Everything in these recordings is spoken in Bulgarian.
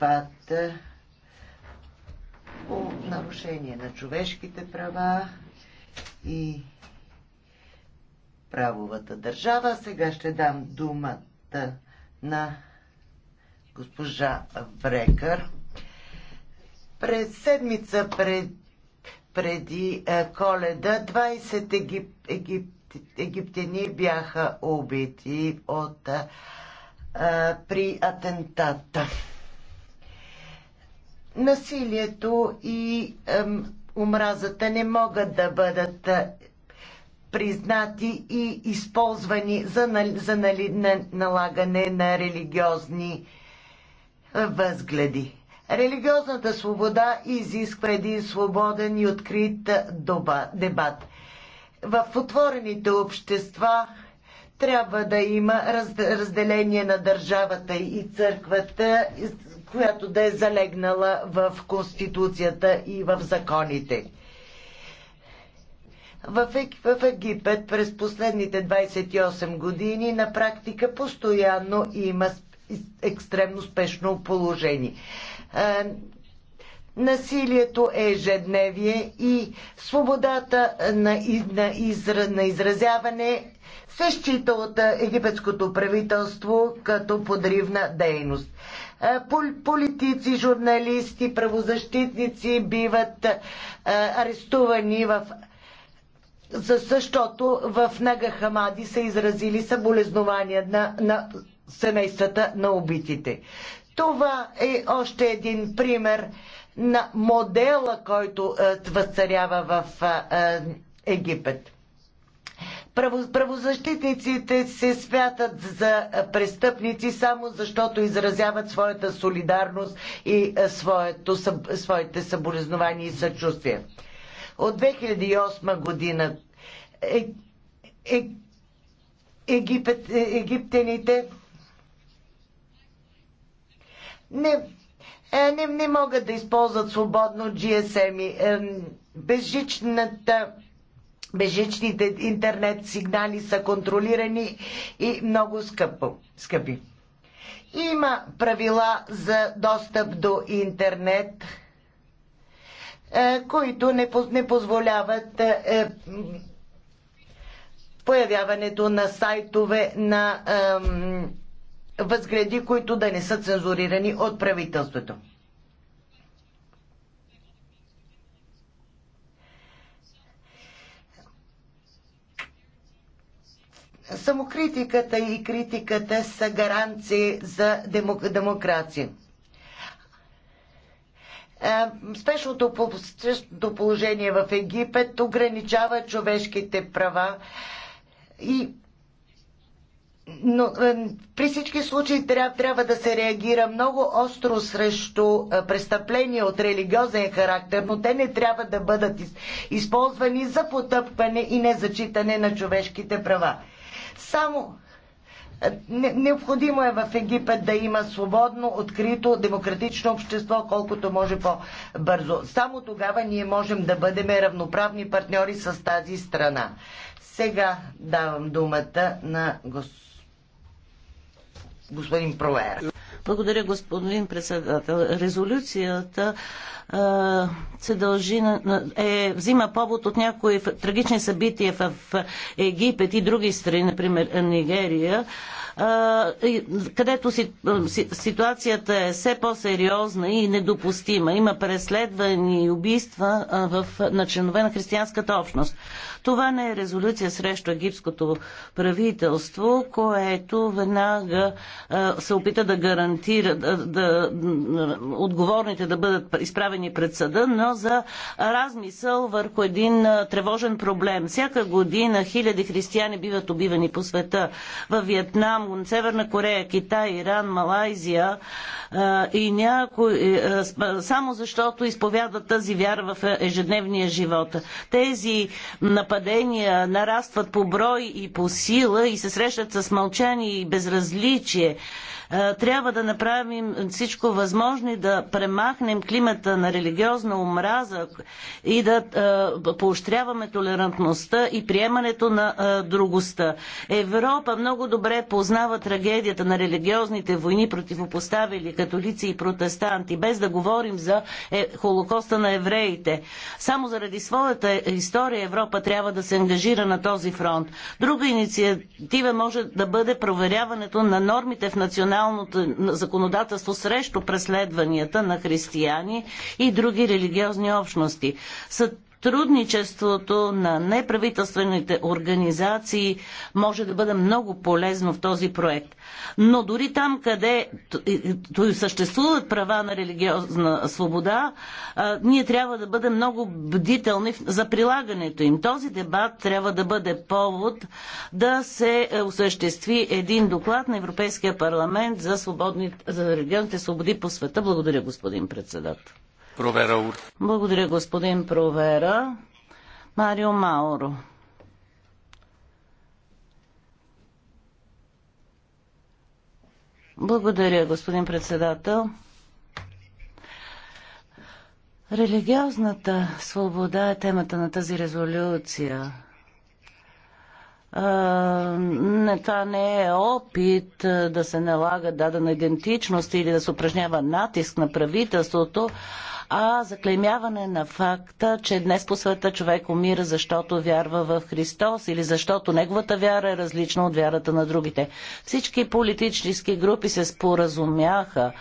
спад, по нарушение на човешките права и правовата държава. Сега ще дам думата на госпожа Врекър. През седмица пред, преди е, коледа 20 егип, егип, египтяни бяха убити от, е, при атентата насилието и омразата не могат да бъдат е, признати и използвани за, на, за на, нали, на, налагане на религиозни е, възгледи. Религиозната свобода изисква един свободен и открит е, доба, дебат. В отворените общества трябва да има раз, разделение на държавата и църквата която да е залегнала в Конституцията и в законите. В Египет през последните 28 години на практика постоянно има екстремно спешно положение. Насилието е ежедневие и свободата на, изразяване се счита от египетското правителство като подривна дейност. Политици, журналисти, правозащитници биват арестувани в защото в Нага Хамади са изразили съболезнования на, на семействата на убитите. Това е още един пример на модела, който е, възцарява в е, Египет правозащитниците се святат за престъпници само защото изразяват своята солидарност и е, своето, своите съболезнования и съчувствия. От 2008 година е, е, египет, е, египтяните не, е, не, не могат да използват свободно GSM. Е, безжичната бежичните интернет сигнали са контролирани и много скъпо, скъпи. Има правила за достъп до интернет, е, които не, не позволяват е, е, появяването на сайтове на възгледи, които да не са цензурирани от правителството. самокритиката и критиката са гаранции за демокрация. Е, спешното, положение в Египет ограничава човешките права и но е, при всички случаи трябва, трябва да се реагира много остро срещу е, престъпления от религиозен характер, но те не трябва да бъдат използвани за потъпване и незачитане на човешките права. Само е, Необходимо е в Египет да има свободно, открито, демократично общество, колкото може по-бързо. Само тогава ние можем да бъдем равноправни партньори с тази страна. Сега давам думата на гос... господин Провер. Благодаря, господин председател. Резолюцията се дължи на, е, взима повод от някои трагични събития в Египет и други страни, например Нигерия, където ситуацията е все по-сериозна и недопустима. Има преследвани и убийства в, на членове на християнската общност. Това не е резолюция срещу египското правителство, което веднага се опита да гарантира да, да, отговорните да бъдат изправени изправени пред съда, но за размисъл върху един тревожен проблем. Всяка година хиляди християни биват убивани по света. В Виетнам, Северна Корея, Китай, Иран, Малайзия и някои, само защото изповядат тази вяра в ежедневния живот. Тези нападения нарастват по брой и по сила и се срещат с мълчание и безразличие. Е, трябва да направим всичко възможно и да премахнем климата на религиозна омраза и да е, поощряваме толерантността и приемането на е, другостта. Европа много добре познава трагедията на религиозните войни, противопоставили католици и протестанти, без да говорим за Холокоста на евреите. Само заради своята история Европа трябва да се ангажира на този фронт. Друга инициатива може да бъде проверяването на нормите в националната националното законодателство срещу преследванията на християни и други религиозни общности. Сътрудничеството на неправителствените организации може да бъде много полезно в този проект. Но дори там, къде съществуват права на религиозна свобода, ние трябва да бъдем много бдителни за прилагането им. Този дебат трябва да бъде повод да се е, осъществи един доклад на Европейския парламент за, свободни, за религиозните свободи по света. Благодаря, господин председател. Провера Благодаря, господин Провера. Марио Мауро. Благодаря, господин председател. Религиозната свобода е темата на тази резолюция. Не, това не е опит да се налага дадена идентичност или да се упражнява натиск на правителството, а заклемяване на факта, че днес по света човек умира, защото вярва в Христос или защото неговата вяра е различна от вярата на другите. Всички политически групи се споразумяха,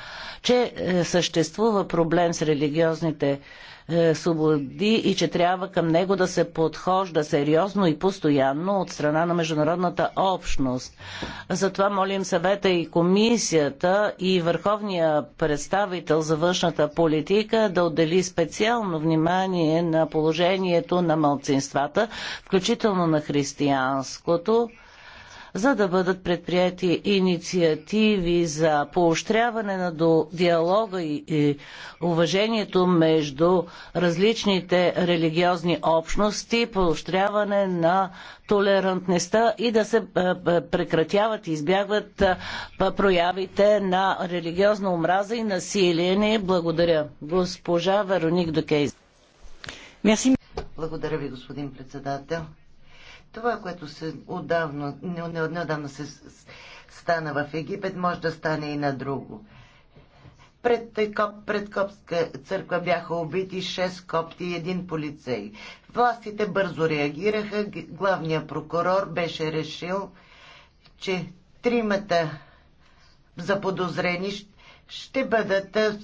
че е, съществува проблем с религиозните е, свободи и че трябва към него да се подхожда сериозно и постоянно от страна на международната общност. Затова молим съвета и комисията и върховния представител за външната политика да отдели специално внимание на положението на малцинствата, включително на християнското за да бъдат предприяти инициативи за поощряване на диалога и уважението между различните религиозни общности, поощряване на толерантността и да се е, е, прекратяват и избягват е, проявите на религиозна омраза и насилие. Не благодаря. Госпожа Вероник Докейз. Благодаря ви, господин председател. Това, което се отдавна, неодавна се стана в Египет, може да стане и на друго. Пред, е, коп, пред Копска църква бяха убити 6 копти и един полицей. Властите бързо реагираха. Главният прокурор беше решил, че тримата заподозрени ще бъдат е,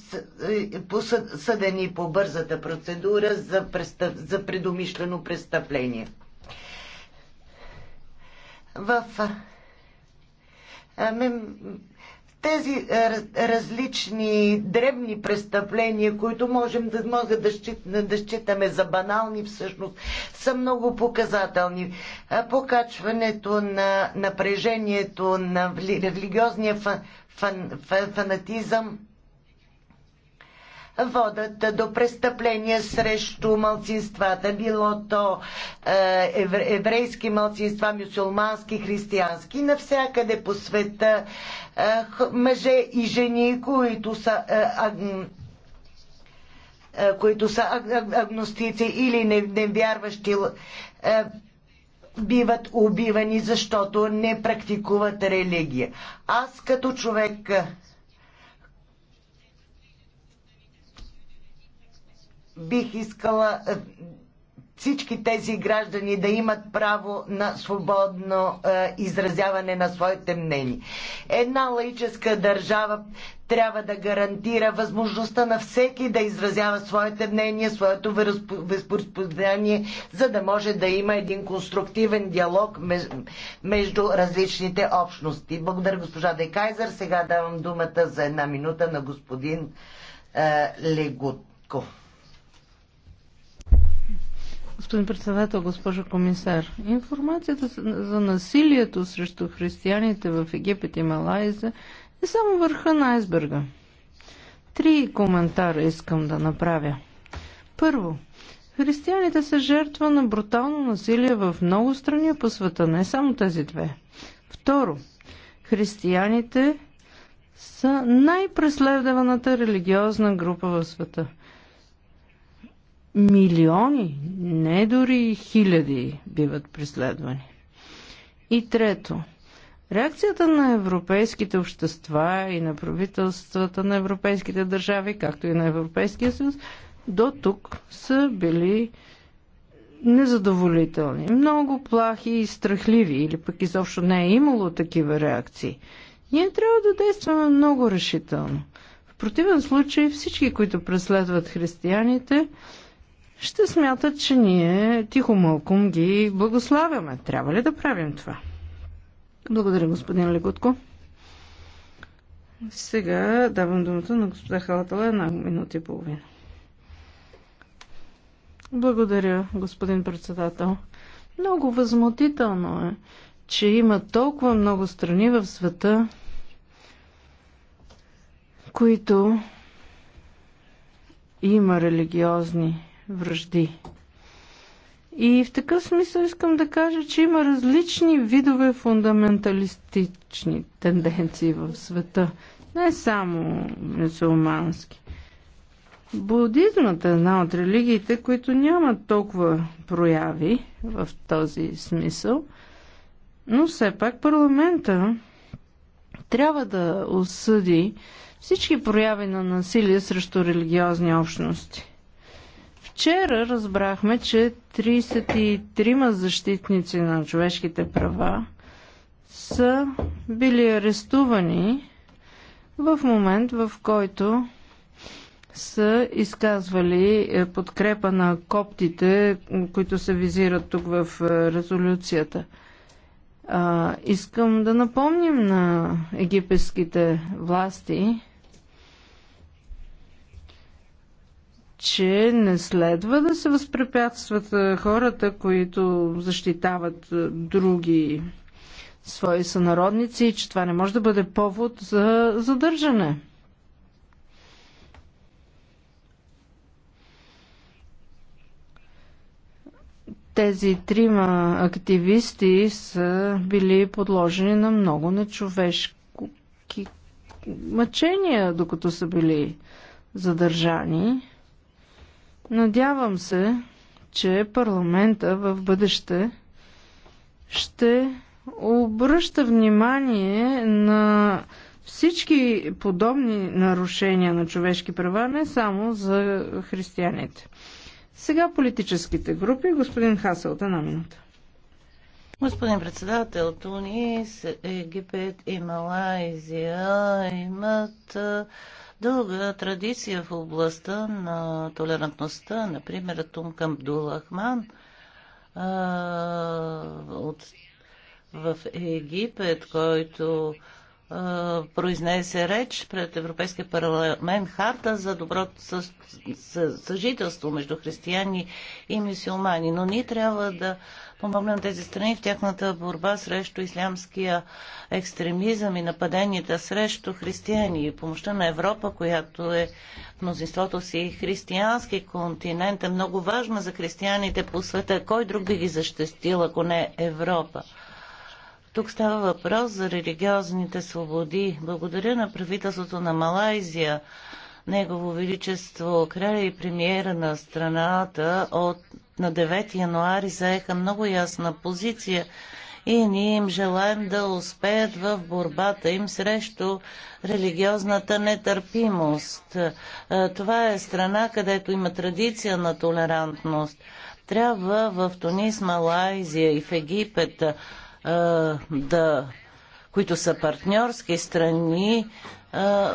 е, съдени по бързата процедура за, престъп, за предумишлено престъпление в ами, тези различни дребни престъпления, които можем да, могат да, счит, да считаме за банални, всъщност са много показателни. Покачването на напрежението, на религиозния фан, фан, фанатизъм, водят до престъпления срещу малцинствата, било то е, еврейски малцинства, мюсулмански, християнски, навсякъде по света е, мъже и жени, които са е, които са агностици или невярващи, биват убивани, защото не практикуват религия. Аз като човек бих искала е, всички тези граждани да имат право на свободно е, изразяване на своите мнения. Една лаическа държава трябва да гарантира възможността на всеки да изразява своите мнения, своето възпоредание, за да може да има един конструктивен диалог между различните общности. Благодаря госпожа Декайзер. Сега давам думата за една минута на господин е, Легутков. Господин председател, госпожо комисар, информацията за насилието срещу християните в Египет и Малайза е само върха на айсберга. Три коментара искам да направя. Първо, християните са жертва на брутално насилие в много страни по света, не само тези две. Второ, християните са най-преследваната религиозна група в света – милиони, не дори хиляди биват преследвани. И трето, реакцията на европейските общества и на правителствата на европейските държави, както и на Европейския съюз, до тук са били незадоволителни, много плахи и страхливи, или пък изобщо не е имало такива реакции. Ние трябва да действаме много решително. В противен случай всички, които преследват християните, ще смятат, че ние тихо мълком ги благославяме. Трябва ли да правим това? Благодаря, господин Легутко. Сега давам думата на господа Халатала една минута и половина. Благодаря, господин председател. Много възмутително е, че има толкова много страни в света, които има религиозни връжди. И в такъв смисъл искам да кажа, че има различни видове фундаменталистични тенденции в света. Не само мусулмански. Будизмът е една от религиите, които нямат толкова прояви в този смисъл, но все пак парламента трябва да осъди всички прояви на насилие срещу религиозни общности. Вчера разбрахме, че 33 защитници на човешките права са били арестувани в момент, в който са изказвали е, подкрепа на коптите, които се визират тук в е, резолюцията. А, искам да напомним на египетските власти, че не следва да се възпрепятстват хората, които защитават други свои сънародници и че това не може да бъде повод за задържане. Тези трима активисти са били подложени на много нечовешки мъчения, докато са били задържани. Надявам се, че парламента в бъдеще ще обръща внимание на всички подобни нарушения на човешки права, не само за християните. Сега политическите групи. Господин Хасел, една минута. Господин председател, Тунис, Египет и Малайзия имат дълга традиция в областта на толерантността. Например, Тумкам Дулахман от, в Египет, който а, произнесе реч пред Европейския парламент харта за доброто съжителство между християни и мусулмани. Но ние трябва да помогне на тези страни в тяхната борба срещу ислямския екстремизъм и нападенията срещу християни и помощта на Европа, която е в мнозинството си християнски континент, е много важна за християните по света. Кой друг би ги защитил, ако не Европа? Тук става въпрос за религиозните свободи. Благодаря на правителството на Малайзия, Негово Величество, краля и премиера на страната от на 9 януари заеха много ясна позиция и ние им желаем да успеят в борбата им срещу религиозната нетърпимост. Е, това е страна, където има традиция на толерантност. Трябва в Тунис, Малайзия и в Египет е, да които са партньорски страни, е,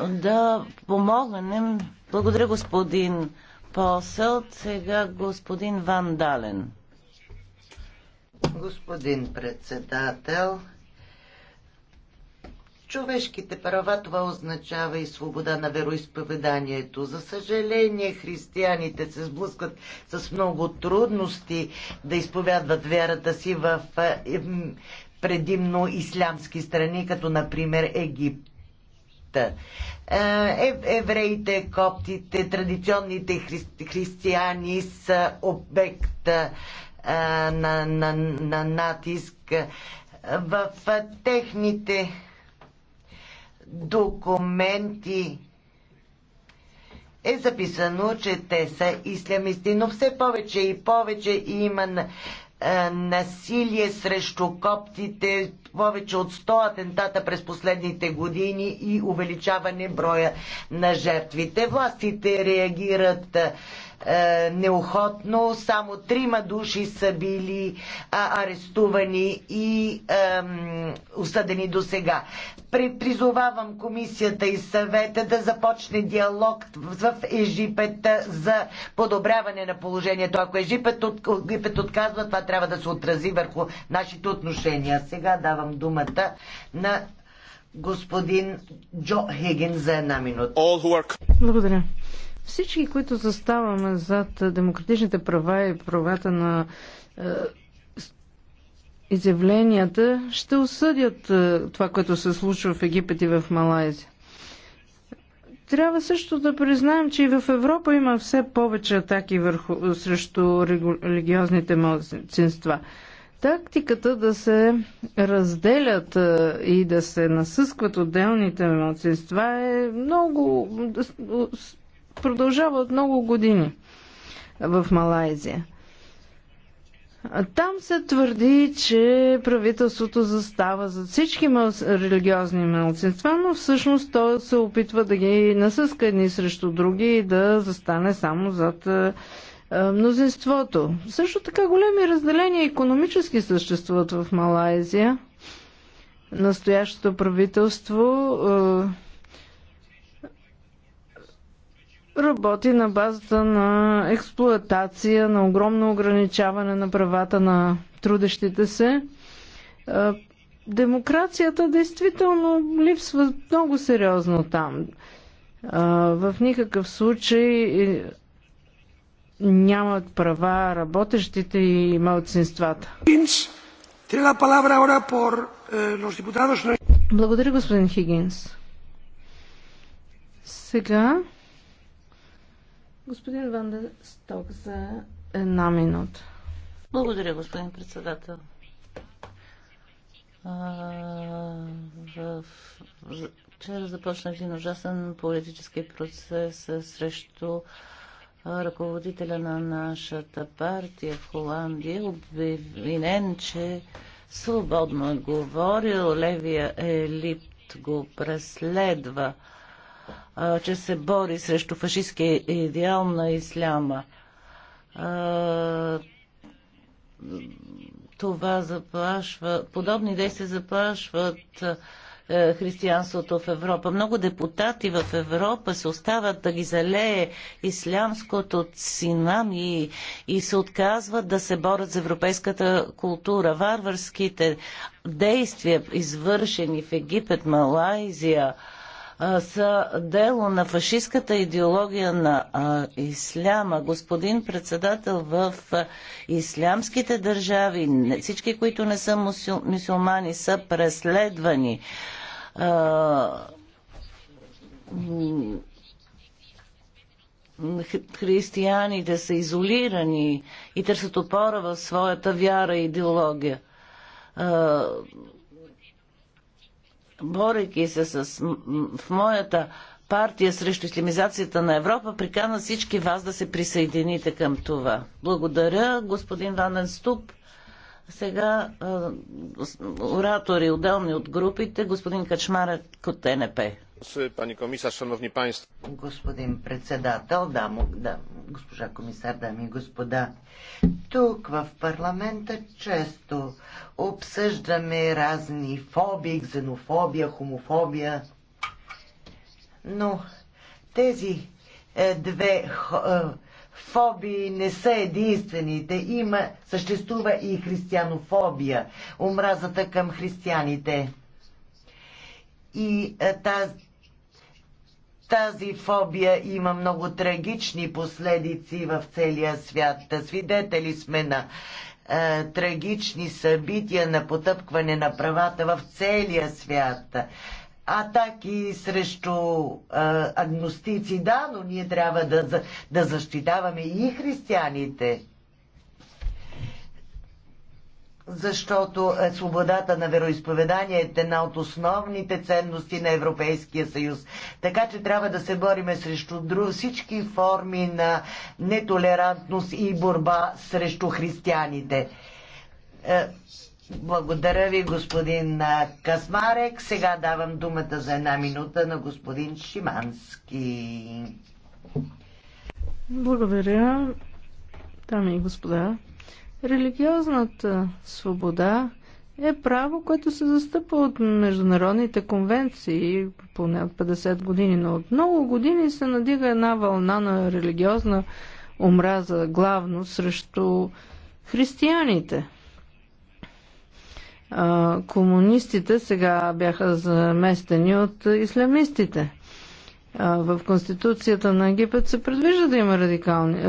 да помогнем. Благодаря, господин Посъл сега господин Ван Дален. Господин председател, човешките права това означава и свобода на вероисповеданието. За съжаление, християните се сблъскват с много трудности да изповядват вярата си в предимно ислямски страни, като например Египет. Е, евреите, коптите, традиционните хри... християни са обект е, на, на, на натиск в техните документи е записано, че те са ислямисти, но все повече и повече има е, насилие срещу коптите, повече от 100 атентата през последните години и увеличаване броя на жертвите. Властите реагират е, неохотно. Само трима души са били а, арестувани и е, осъдени до сега. призовавам комисията и съвета да започне диалог в Египет за подобряване на положението. Ако Египет, от, Египет отказва, това трябва да се отрази върху нашите отношения. Сега давам думата на господин Джо Хигин за една минута. Благодаря. Всички, които заставаме зад демократичните права и правата на е, изявленията, ще осъдят е, това, което се случва в Египет и в Малайзия. Трябва също да признаем, че и в Европа има все повече атаки върху, срещу религиозните младсинства. Тактиката да се разделят и да се насъскват отделните младсинства е много. продължава от много години в Малайзия. Там се твърди, че правителството застава за всички религиозни мълцинства, но всъщност то се опитва да ги насъска едни срещу други и да застане само зад е, е, мнозинството. Също така големи разделения економически съществуват в Малайзия. Настоящото правителство е, работи на базата на експлоатация, на огромно ограничаване на правата на трудещите се. Демокрацията действително липсва много сериозно там. В никакъв случай е, нямат права работещите и малцинствата. Е, Благодаря, господин Хигинс. Сега Господин Ванда Сток за една минута. Благодаря, господин председател. В... Вчера започнах един ужасен политически процес срещу ръководителя на нашата партия в Холандия, обвинен, че свободно е говорил, левия елит го преследва че се бори срещу фашистския идеал на исляма. това заплашва, подобни действия заплашват християнството в Европа. Много депутати в Европа се остават да ги залее ислямското цинами и, и се отказват да се борят за европейската култура. Варварските действия, извършени в Египет, Малайзия, са дело на фашистската идеология на а, исляма. Господин председател, в а, ислямските държави не, всички, които не са мусул, мусулмани, са преследвани. А, християните са изолирани и търсят опора в своята вяра и идеология борейки се с, в моята партия срещу ислямизацията на Европа, прикана всички вас да се присъедините към това. Благодаря, господин Ванен Ступ. Сега оратори отделни от групите, господин Качмарък от НП. Пани комисар, шановни панство. Господин председател, да, да, госпожа комисар, дами и господа. Тук в парламента често обсъждаме разни фобии, ксенофобия, хомофобия. Но тези е, две е, фобии не са единствените. Има, съществува и християнофобия, омразата към християните. И е, тази, тази фобия има много трагични последици в целия свят. Свидетели сме на е, трагични събития на потъпкване на правата в целия свят атаки срещу а, агностици, да, но ние трябва да, да защитаваме и християните. Защото е, свободата на вероисповедание е една от основните ценности на Европейския съюз. Така че трябва да се бориме срещу друг, всички форми на нетолерантност и борба срещу християните е, благодаря ви, господин Касмарек. Сега давам думата за една минута на господин Шимански. Благодаря, дами и господа. Религиозната свобода е право, което се застъпва от международните конвенции, поне от 50 години, но от много години се надига една вълна на религиозна омраза, главно срещу християните комунистите сега бяха заместени от ислямистите. В Конституцията на Египет се предвижда да има радикални, е,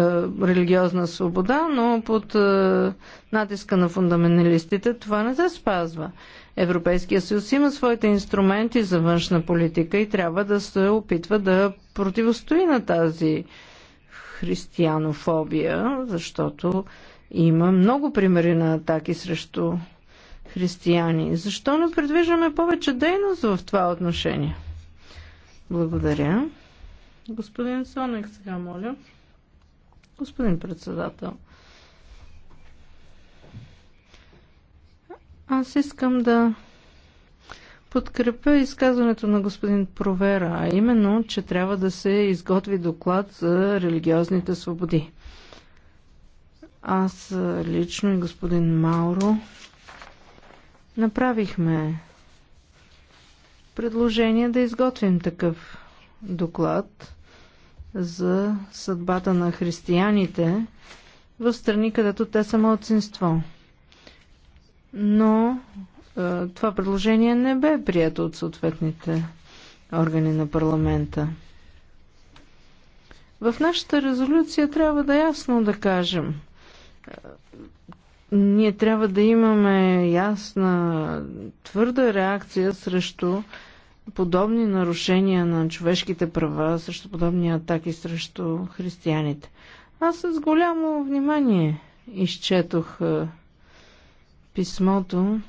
религиозна свобода, но под е, натиска на фундаменталистите това не се спазва. Европейския съюз има своите инструменти за външна политика и трябва да се опитва да противостои на тази християнофобия, защото има много примери на атаки срещу християни. Защо не предвиждаме повече дейност в това отношение? Благодаря. Господин Сонек, сега моля. Господин председател. Аз искам да подкрепя изказването на господин Провера, а именно, че трябва да се изготви доклад за религиозните свободи. Аз лично и господин Мауро Направихме предложение да изготвим такъв доклад за съдбата на християните в страни, където те са младсинство. Но е, това предложение не бе прието от съответните органи на парламента. В нашата резолюция трябва да ясно да кажем, е, ние трябва да имаме ясна, твърда реакция срещу подобни нарушения на човешките права, срещу подобни атаки срещу християните. Аз с голямо внимание изчетох е, писмото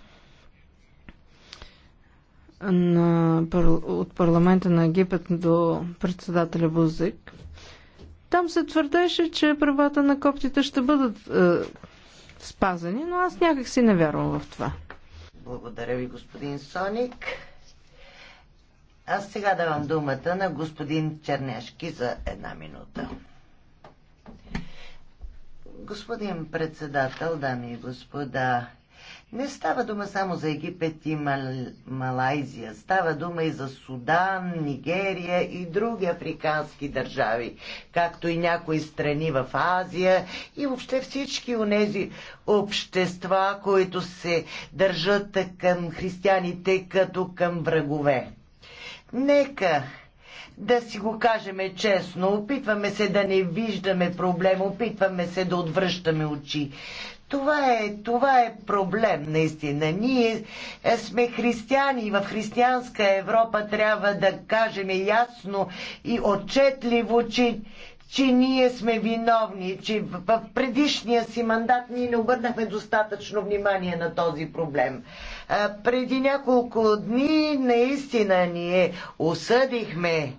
на, от парламента на Египет до председателя Бузик. Там се твърдеше, че правата на коптите ще бъдат е, спазени, но аз някак си не вярвам в това. Благодаря ви, господин Соник. Аз сега давам думата на господин Чернешки за една минута. Господин председател, дами и господа, не става дума само за Египет и Мал... Малайзия. Става дума и за Судан, Нигерия и други африкански държави, както и някои страни в Азия и въобще всички онези общества, които се държат към християните като към врагове. Нека да си го кажем честно, опитваме се да не виждаме проблем, опитваме се да отвръщаме очи. Това е, това е проблем, наистина. Ние е, сме християни и в християнска Европа трябва да кажем ясно и отчетливо, че че ние сме виновни, че в предишния си мандат ние не обърнахме достатъчно внимание на този проблем. А, преди няколко дни наистина ние осъдихме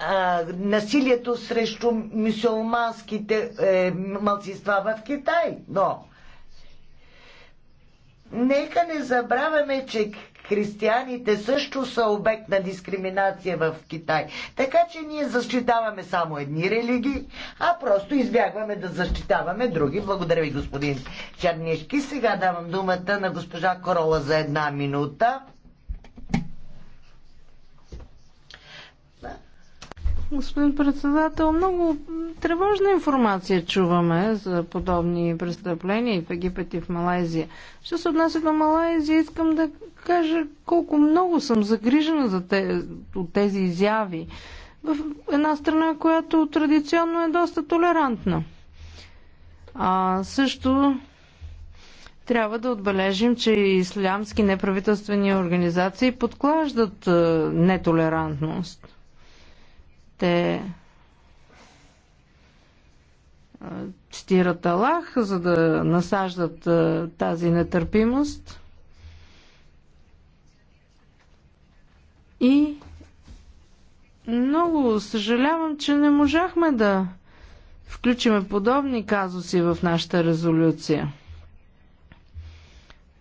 а, насилието срещу мусулманските е, мълцинства в Китай. Но нека не забравяме, че християните също са обект на дискриминация в Китай. Така че ние защитаваме само едни религии, а просто избягваме да защитаваме други. Благодаря ви, господин Чернишки. Сега давам думата на госпожа Корола за една минута. Господин председател, много тревожна информация чуваме за подобни престъпления и в Египет и в Малайзия. Що се отнася до Малайзия, искам да кажа колко много съм загрижена за те, от тези изяви. В една страна, която традиционно е доста толерантна. А също трябва да отбележим, че ислямски неправителствени организации подклаждат е, нетолерантност те цитират Аллах, за да насаждат тази нетърпимост. И много съжалявам, че не можахме да включиме подобни казуси в нашата резолюция.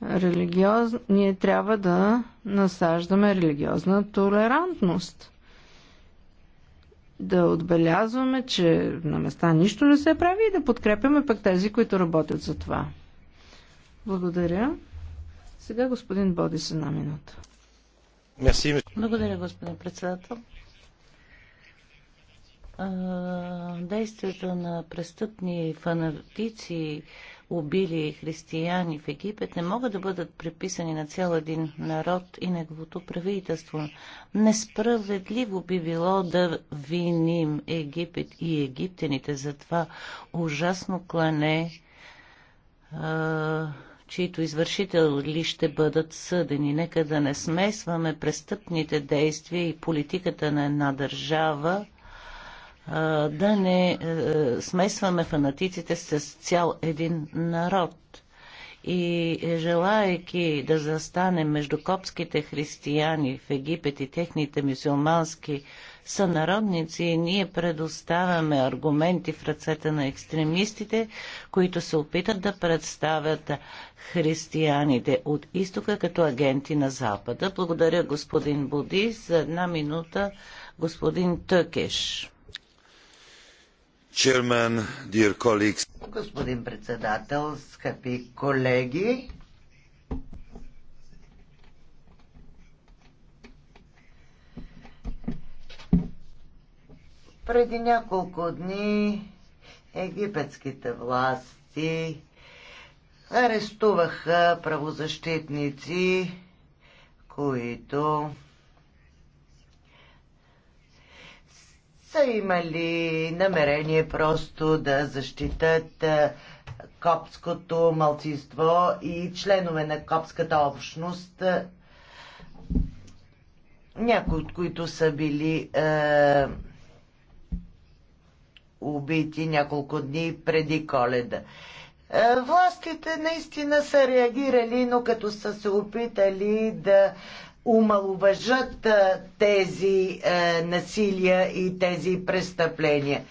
Религиоз... Ние трябва да насаждаме религиозна толерантност – да отбелязваме, че на места нищо не се прави и да подкрепяме пък тези, които работят за това. Благодаря. Сега господин Бодис една минута. Благодаря, господин председател. Действията на престъпни фанатици убили християни в Египет, не могат да бъдат приписани на цял един народ и неговото правителство. Несправедливо би било да виним Египет и египтяните за това ужасно клане, чието извършители ще бъдат съдени. Нека да не смесваме престъпните действия и политиката на една държава да не смесваме фанатиците с цял един народ. И желаяки да застанем между копските християни в Египет и техните мюсюлмански сънародници, ние предоставяме аргументи в ръцете на екстремистите, които се опитат да представят християните от изтока като агенти на Запада. Благодаря господин Буди. За една минута господин Тъкеш. Господин председател, скъпи колеги, преди няколко дни египетските власти арестуваха правозащитници, които са имали намерение просто да защитат копското малцинство и членове на копската общност, някои от които са били е, убити няколко дни преди коледа. Властите наистина са реагирали, но като са се опитали да омалуважат тези насилия и тези престъпления.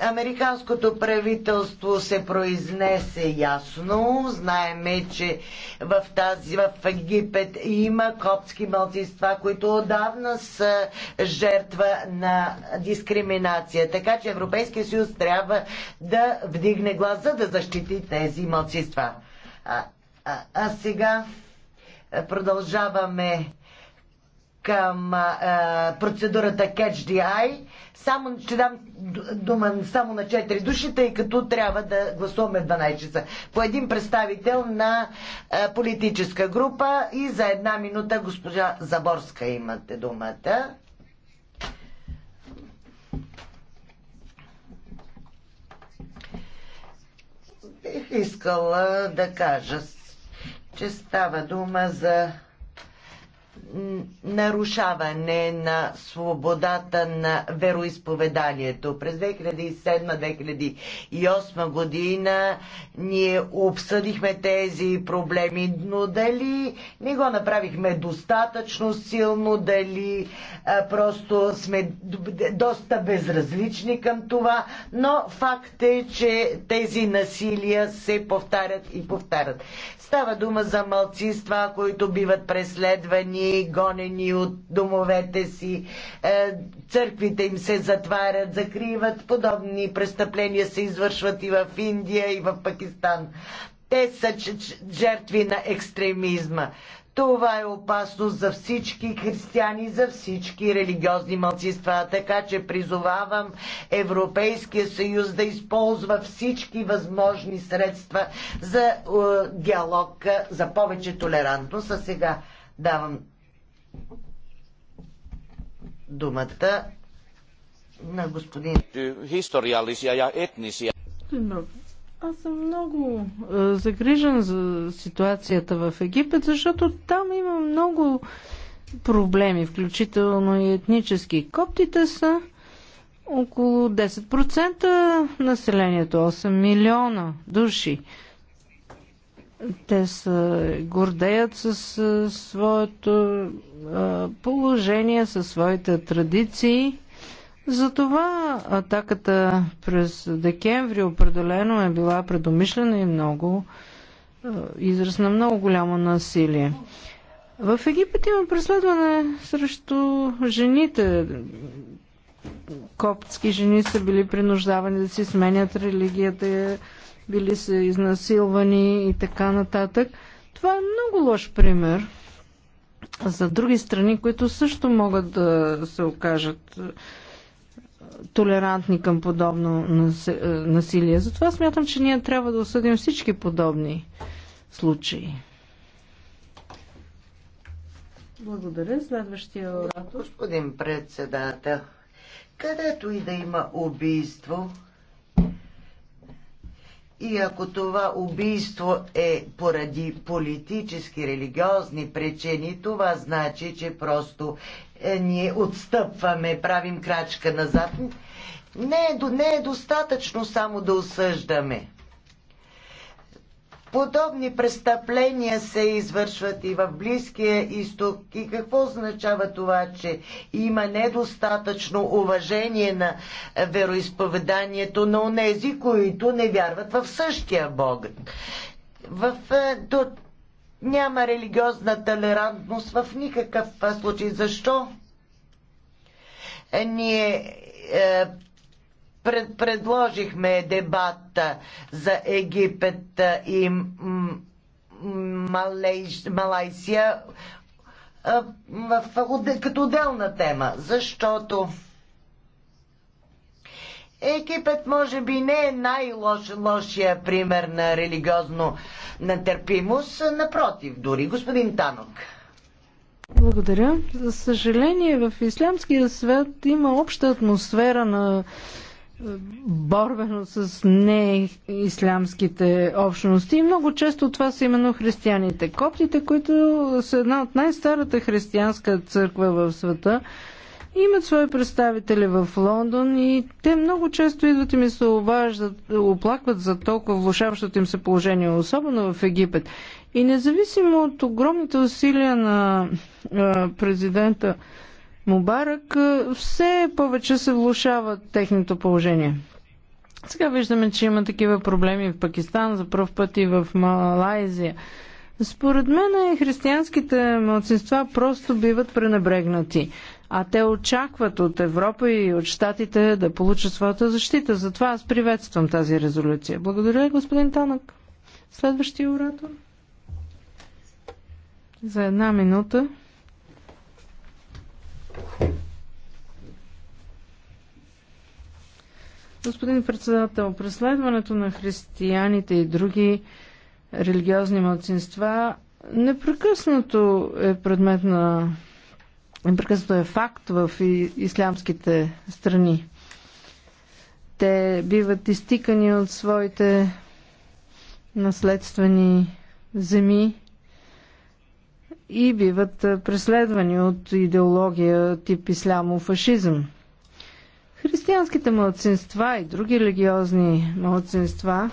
Американското правителство се произнесе ясно. Знаеме, че в, тази, в Египет има копски мълцинства, които отдавна са жертва на дискриминация. Така че Европейския съюз трябва да вдигне глас, за да защити тези мълцинства. А, а, а сега продължаваме към а, процедурата Catch the Eye. Само ще дам дума само на 4 души, тъй като трябва да гласуваме 12 часа. По един представител на а, политическа група и за една минута госпожа Заборска имате думата. Бих искала да кажа че става дума за нарушаване на свободата на вероисповеданието. През 2007-2008 година ние обсъдихме тези проблеми, но дали не го направихме достатъчно силно, дали а, просто сме доста безразлични към това, но факт е, че тези насилия се повтарят и повтарят. Става дума за малцинства, които биват преследвани гонени от домовете си, е, църквите им се затварят, закриват, подобни престъпления се извършват и в Индия, и в Пакистан. Те са жертви на екстремизма. Това е опасност за всички християни, за всички религиозни мълцинства. Така че призовавам Европейския съюз да използва всички възможни средства за е, диалог, за повече толерантност. А сега давам думата на господин. Historiallisia я етнисия. Аз съм много е, загрижен за ситуацията в Египет, защото там има много проблеми, включително и етнически. Коптите са около 10% населението, 8 милиона души. Те се гордеят с своето положение, със своите традиции. Затова атаката през декември определено е била предомишлена и много израз на много голямо насилие. В Египет има преследване срещу жените. Коптски жени са били принуждавани да си сменят религията били са изнасилвани и така нататък. Това е много лош пример за други страни, които също могат да се окажат е, толерантни към подобно е, насилие. Затова смятам, че ние трябва да осъдим всички подобни случаи. Благодаря. Следващия оратор. Господин председател, където и да има убийство, и ако това убийство е поради политически, религиозни причини, това значи, че просто е, ние отстъпваме, правим крачка назад. Не е, не е достатъчно само да осъждаме. Подобни престъпления се извършват и в Близкия изток. И какво означава това, че има недостатъчно уважение на вероисповеданието на онези, които не вярват в същия Бог? В, е, до, няма религиозна толерантност в никакъв случай. Защо? Е, ние е, пред, предложихме дебата за Египет и Малейш, Малайсия в, в, като отделна тема, защото Египет може би не е най-лошия пример на религиозно натърпимост, напротив дори. Господин Танок. Благодаря. За съжаление, в ислямския свят има обща атмосфера на борбено с неислямските общности. И много често това са именно християните. Коптите, които са една от най-старата християнска църква в света, имат свои представители в Лондон и те много често идват и ми се обаждат, оплакват за толкова влушаващото им се положение, особено в Египет. И независимо от огромните усилия на президента Мубарак, все повече се влушава техното положение. Сега виждаме, че има такива проблеми в Пакистан, за първ път и в Малайзия. Според мен християнските младсинства просто биват пренебрегнати, а те очакват от Европа и от щатите да получат своята защита. Затова аз приветствам тази резолюция. Благодаря, господин Танък. Следващия оратор. За една минута. Господин председател, преследването на християните и други религиозни младсинства непрекъснато е предмет на непрекъснато е факт в ислямските страни. Те биват изтикани от своите наследствени земи и биват преследвани от идеология тип ислямофашизъм. Християнските младсинства и други религиозни младсинства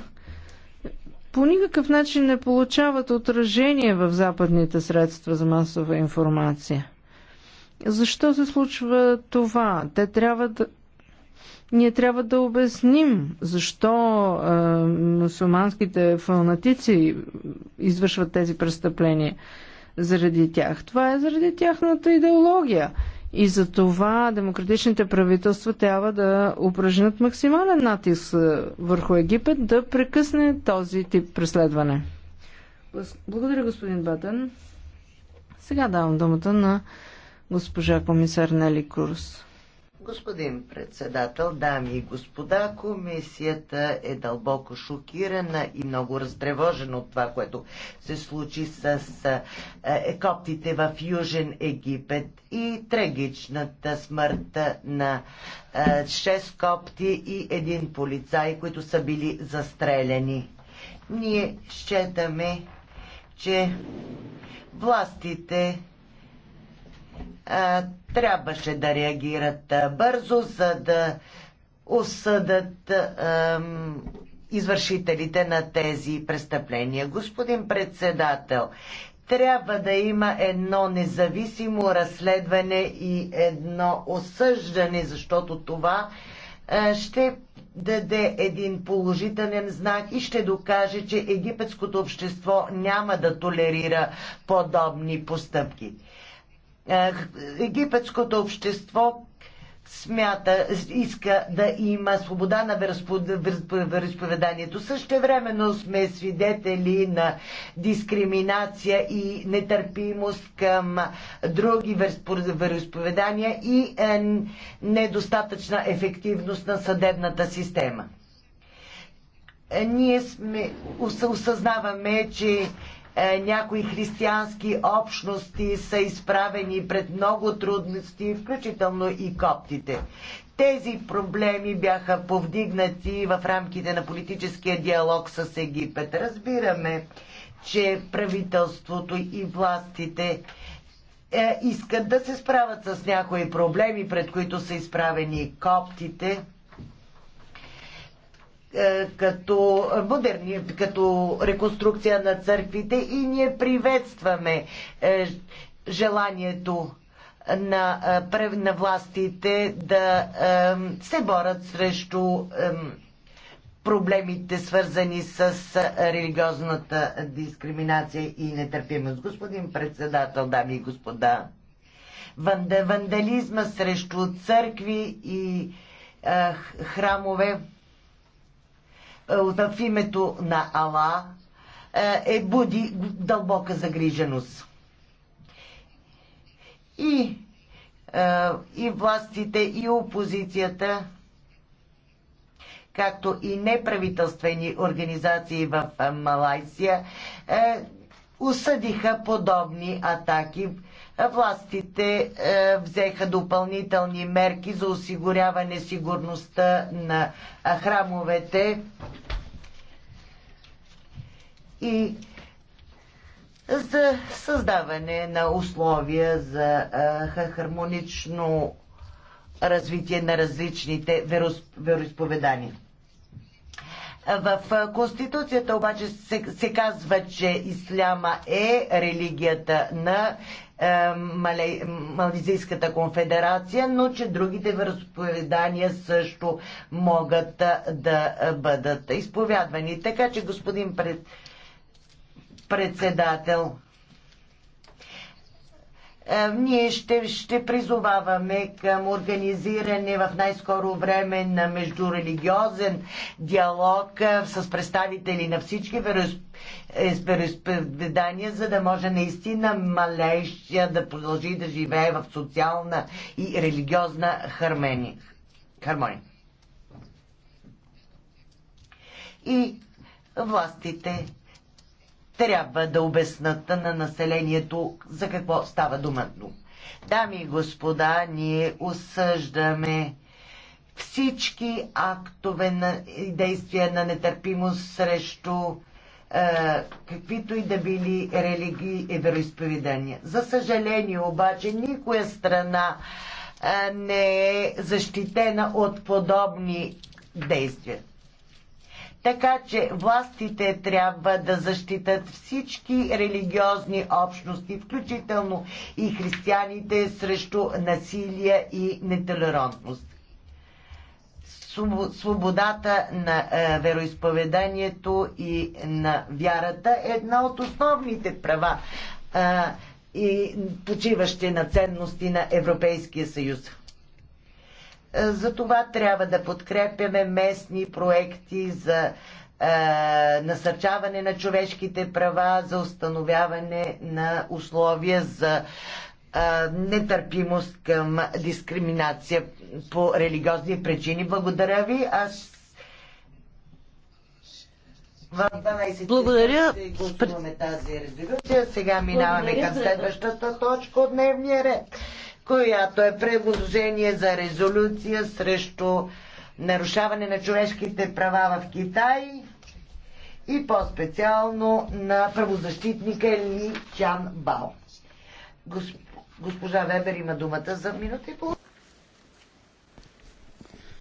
по никакъв начин не получават отражение в западните средства за масова информация. Защо се случва това? Те трябва да. Ние трябва да обясним защо е, мусулманските фанатици извършват тези престъпления заради тях. Това е заради тяхната идеология. И за това демократичните правителства трябва да упражнят максимален натиск е, върху Египет да прекъсне този тип преследване. Благодаря, господин Батен. Сега давам думата на госпожа комисар Нели Курс. Господин председател, дами и господа, комисията е дълбоко шокирана и много разтревожена от това, което се случи с коптите в Южен Египет и трагичната смърт на 6 копти и един полицай, които са били застреляни. Ние считаме, че властите трябваше да реагират бързо, за да осъдат извършителите на тези престъпления. Господин председател, трябва да има едно независимо разследване и едно осъждане, защото това ще даде един положителен знак и ще докаже, че египетското общество няма да толерира подобни постъпки. Е, египетското общество смята, иска да има свобода на вероисповеданието. Също времено сме свидетели на дискриминация и нетърпимост към други вероисповедания и е, недостатъчна ефективност на съдебната система. Е, ние сме, осъзнаваме, че е, някои християнски общности са изправени пред много трудности, включително и коптите. Тези проблеми бяха повдигнати в рамките на политическия диалог с Египет. Разбираме, че правителството и властите е, искат да се справят с някои проблеми, пред които са изправени коптите е, като, модерни, като реконструкция на църквите и ние приветстваме е, желанието на, е, на властите да се борят срещу проблемите, свързани с религиозната дискриминация и нетърпимост. Господин председател, дами и господа, вандализма срещу църкви и храмове в името на Ала е, е буди дълбока загриженост. И, е, и властите, и опозицията, както и неправителствени организации в е, Малайсия, осъдиха подобни атаки властите е, взеха допълнителни мерки за осигуряване сигурността на храмовете и за създаване на условия за хармонично развитие на различните вероисповедания. В Конституцията обаче се, се казва, че исляма е религията на е, Малайзийската конфедерация, но че другите вероисповедания също могат е, да е, бъдат изповядвани. Така че, господин пред... председател, ние ще, ще призоваваме към организиране в най-скоро време на междурелигиозен диалог с представители на всички вероисповедания изповедания, за да може наистина малещия да продължи да живее в социална и религиозна хармония. И властите трябва да обяснат на населението за какво става дума. Дами и господа, ние осъждаме всички актове на действия на нетърпимост срещу е, каквито и да били религии и вероисповедания. За съжаление обаче никоя страна е, не е защитена от подобни действия. Така че властите трябва да защитат всички религиозни общности, включително и християните, срещу насилие и нетолерантност свободата на е, вероисповеданието и на вярата е една от основните права е, и почиващи на ценности на Европейския съюз. Е, за това трябва да подкрепяме местни проекти за насърчаване на човешките права, за установяване на условия за нетърпимост към дискриминация по религиозни причини. Благодаря ви. Аз в 12 Благодаря. гласуваме тази резолюция. Сега минаваме Благодаря. към следващата точка от дневния ред, която е предложение за резолюция срещу нарушаване на човешките права в Китай и по-специално на правозащитника Ли Чан Бао. Госп... Госпожа Вебер има думата за минута и половина.